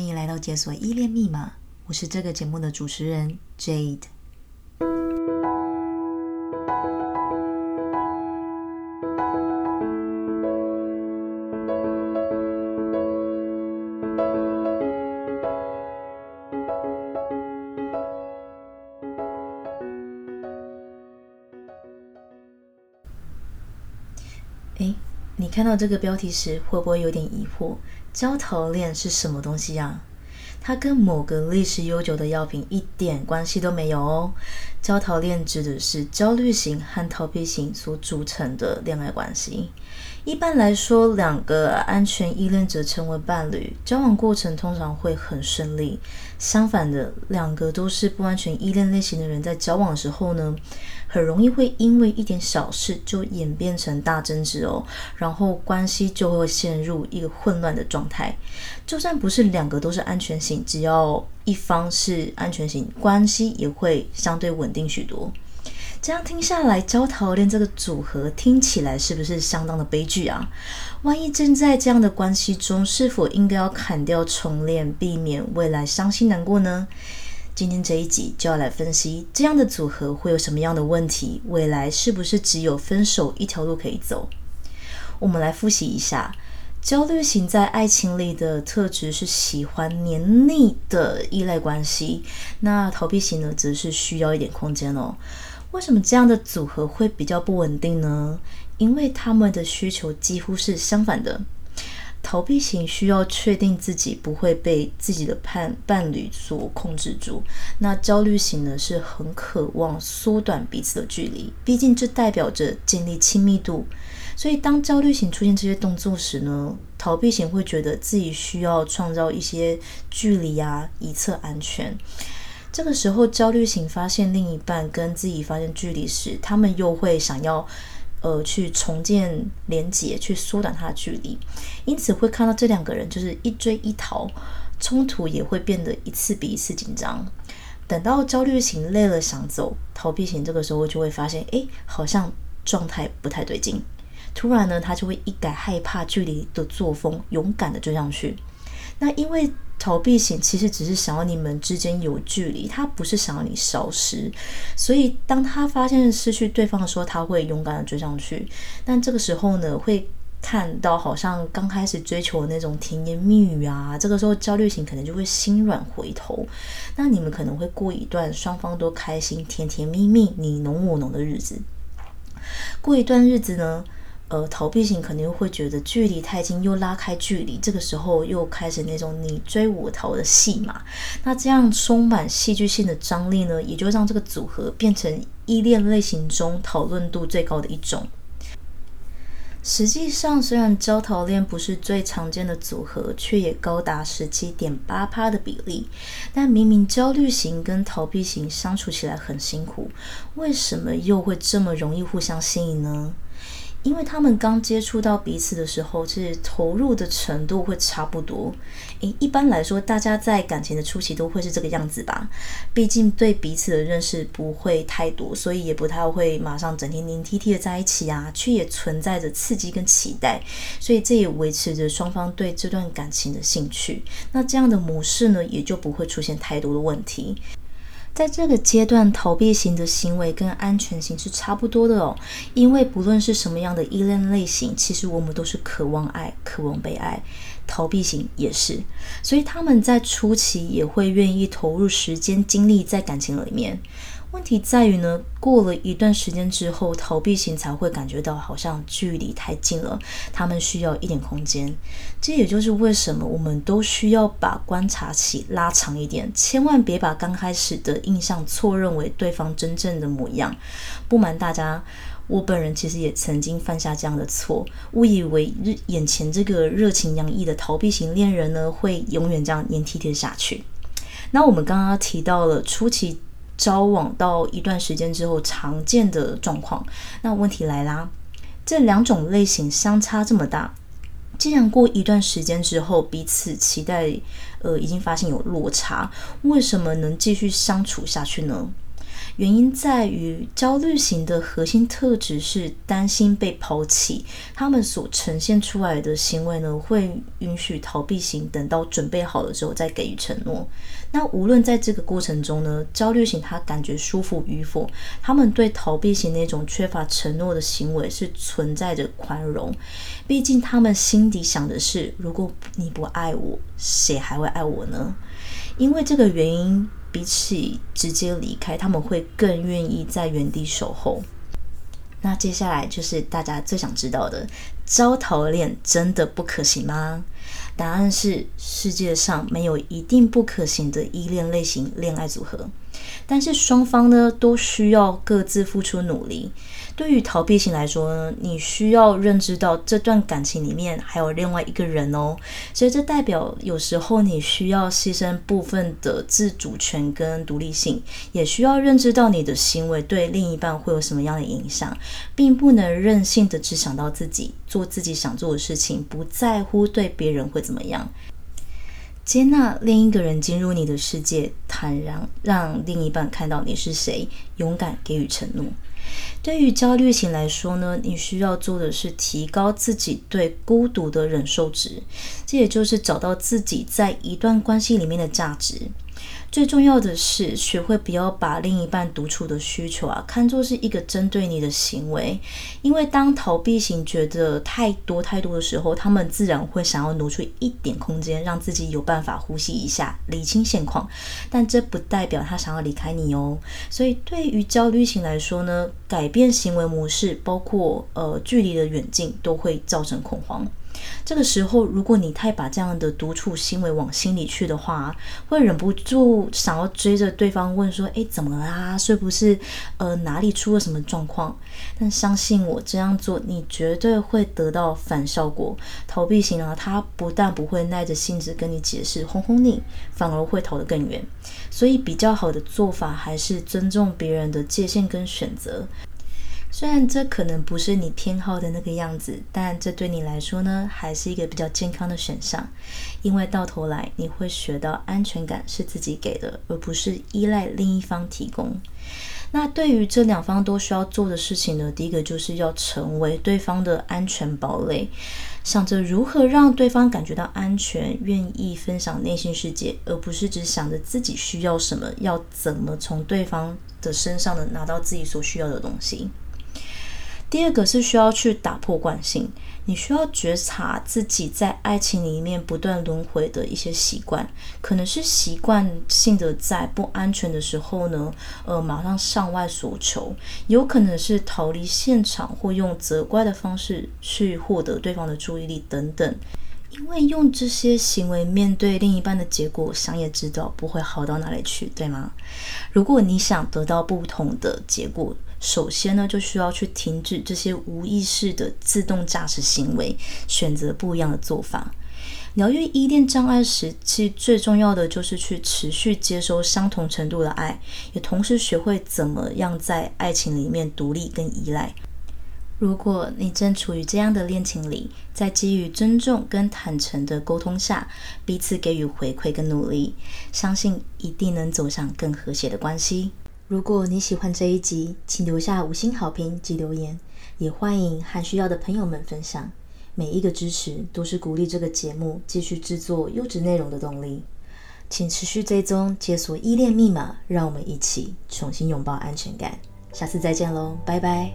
歡迎來到《解鎖依戀密碼》，我是這個節目的主持人 Jade。誒，你看到這個標題時，會不會有點疑惑？焦逃戀是什麼東西呀、啊？它跟某個歷史悠久的藥品一點關係都沒有哦。焦逃戀指的是焦慮型和逃避型所組成的戀愛關係。一般來說，兩個安全依戀者成為伴侶，交往過程通常會很順利。相反的，兩個都是不安全依戀類型的人在交往的時候呢，很容易會因為一點小事就演變成大爭執哦，然後關係就會陷入一個混亂的狀態。就算不是兩個都是安全型，只要一方是安全型，關係也會相對穩定許多。這樣聽下來，焦逃戀這個組合聽起來是不是相當的悲劇啊？萬一正在這樣的關係中，是否應該要砍掉重練，避免未來傷心難過呢？今天這一集就要來分析這樣的組合會有什麼樣的問題，未來是不是只有分手一條路可以走？我們來複習一下，焦慮型在愛情裡的特質是喜歡黏膩的依賴關係，那逃避型呢，則是需要一點空間哦。為什麼這樣的組合會比較不穩定呢？因為他們的需求幾乎是相反的。逃避型需要確定自己不會被自己的伴伴侶所控制住，那焦慮型呢，是很渴望縮短彼此的距離，畢竟這代表着建立親密度。所以當焦慮型出現這些動作時呢，逃避型會覺得自己需要創造一些距離啊，以策安全。這個時候，焦慮型發現另一半跟自己發生距離時，他們又會想要，呃，去重建連接，去縮短他的距離，因此會看到這兩個人就是一追一逃，衝突也會變得一次比一次緊張。等到焦慮型累了想走，逃避型這個時候就會發現，誒，好像狀態不太對勁，突然呢，他就會一改害怕距離的作風，勇敢地追上去。那因為逃避型其實只是想要你們之間有距離，他不是想要你消失，所以當他發現失去對方的時候，他會勇敢的追上去。但這個時候呢，會看到好像剛開始追求的那種甜言蜜語啊，這個時候焦慮型可能就會心軟回頭。那你們可能會過一段雙方都開心、甜甜蜜蜜、你儂我儂的日子。過一段日子呢，呃，逃避型肯定會覺得距離太近，又拉開距離，這個時候又開始那種你追我逃的戲碼。那這樣充滿戲劇性的張力呢，也就讓這個組合變成依戀類型中討論度最高的一種。實際上，雖然焦逃戀不是最常見的組合，卻也高達十七點八趴的比例。但明明焦慮型跟逃避型相處起來很辛苦，為什麼又會這麼容易互相吸引呢？因為他們剛接觸到彼此的時候，其實投入的程度會差不多。誒，一般來說，大家在感情的初期都會是這個樣子吧？畢竟對彼此的認識不會太多，所以也不太會馬上整天黏貼貼的在一起啊。卻也存在着刺激跟期待，所以這也維持着雙方對這段感情的興趣。那這樣的模式呢，也就不會出現太多的問題。在這個階段，逃避型的行為跟安全型是差不多的哦，因為不論是什麼樣的依戀類型，其實我們都是渴望愛、渴望被愛，逃避型也是，所以他們在初期也會願意投入時間、精力在感情裡面。問題在於呢，過了一段時間之後，逃避型才會感覺到好像距離太近了，他們需要一點空間。這也就是為什麼我們都需要把觀察期拉長一點，千萬別把剛開始的印象錯認為對方真正的模樣。不瞞大家，我本人其實也曾經犯下這樣的錯，誤以為眼前這個熱情洋溢的逃避型戀人呢，會永遠這樣黏踢踢下去。那我們剛剛提到了初期。交往到一段時間之後，常見的狀況。那問題來啦，這兩種類型相差這麼大，既然過一段時間之後，彼此期待，呃，已經發現有落差，為什麼能繼續相處下去呢？原因在於，焦慮型的核心特質是擔心被拋棄。他們所呈現出來的行為呢，會允許逃避型等到準備好了之後再給予承諾。那無論在這個過程中呢，焦慮型他感覺舒服與否，他們對逃避型那種缺乏承諾的行為是存在着寬容。畢竟他們心底想的是，如果你不愛我，誰還會愛我呢？因為這個原因。比起直接離開，他們會更願意在原地守候。那接下來就是大家最想知道的，焦逃戀真的不可行嗎？答案是世界上沒有一定不可行的依戀類型戀愛組合，但是雙方呢，都需要各自付出努力。對於逃避型來說呢，你需要認知到這段感情裡面還有另外一個人哦，所以這代表有時候你需要犧牲部分的自主權跟獨立性，也需要認知到你的行為對另一半會有什麼樣的影響，並不能任性的只想到自己，做自己想做的事情，不在乎對別人。人會怎麼樣？接納另一個人進入你的世界，坦然讓另一半看到你是誰，勇敢給予承諾。對於焦慮型來說呢，你需要做的是提高自己對孤獨的忍受值，這也就是找到自己在一段關係裡面的價值。最重要的是，學會不要把另一半獨處的需求啊，看作是一個針對你的行為。因為當逃避型覺得太多太多的時候，他們自然會想要挪出一點空間，讓自己有辦法呼吸一下，理清現況。但這不代表他想要離開你哦。所以，對於焦慮型來說呢，改變行為模式，包括呃距離的遠近，都會造成恐慌。這個時候，如果你太把這樣的獨處行為往心裡去的話，會忍不住想要追着對方問說：“誒，怎麼啦？是不是呃哪裡出了什麼狀況？”但相信我，這樣做，你絕對會得到反效果。逃避型呢、啊，他不但不會耐着性子跟你解釋、哄哄你，反而會逃得更遠。所以，比較好的做法還是尊重別人的界限跟選擇。雖然這可能不是你偏好的那個樣子，但這對你來說呢，還是一個比較健康的選項。因為到頭來，你會學到安全感是自己給的，而不是依賴另一方提供。那對於這兩方都需要做的事情呢，第一個就是要成為對方的安全堡壘，想着如何讓對方感覺到安全，願意分享內心世界，而不是只想着自己需要什麼，要怎麼從對方的身上呢，拿到自己所需要的東西。第二個是需要去打破慣性，你需要覺察自己在愛情裡面不斷輪迴的一些習慣，可能是習慣性的在不安全的時候呢，呃，馬上向外索求，有可能是逃離現場或用責怪的方式去獲得對方的注意力等等，因為用這些行為面對另一半的結果，想也知道不會好到哪裡去，對嗎？如果你想得到不同的結果。首先呢，就需要去停止這些無意識的自動駕駛行為，選擇不一樣的做法。療癒依戀障礙時期最重要的就是去持續接收相同程度的愛，也同時學會怎麼樣在愛情裡面獨立跟依賴。如果你正處於這樣的戀情裡，在基於尊重跟坦誠的溝通下，彼此給予回饋跟努力，相信一定能走向更和諧的關係。如果你喜歡這一集，請留下五星好評及留言，也歡迎和需要的朋友們分享。每一個支持都是鼓勵這個節目繼續製作優質內容的動力。請持續追蹤，解鎖依戀密碼，讓我們一起重新擁抱安全感。下次再見嘍，拜拜。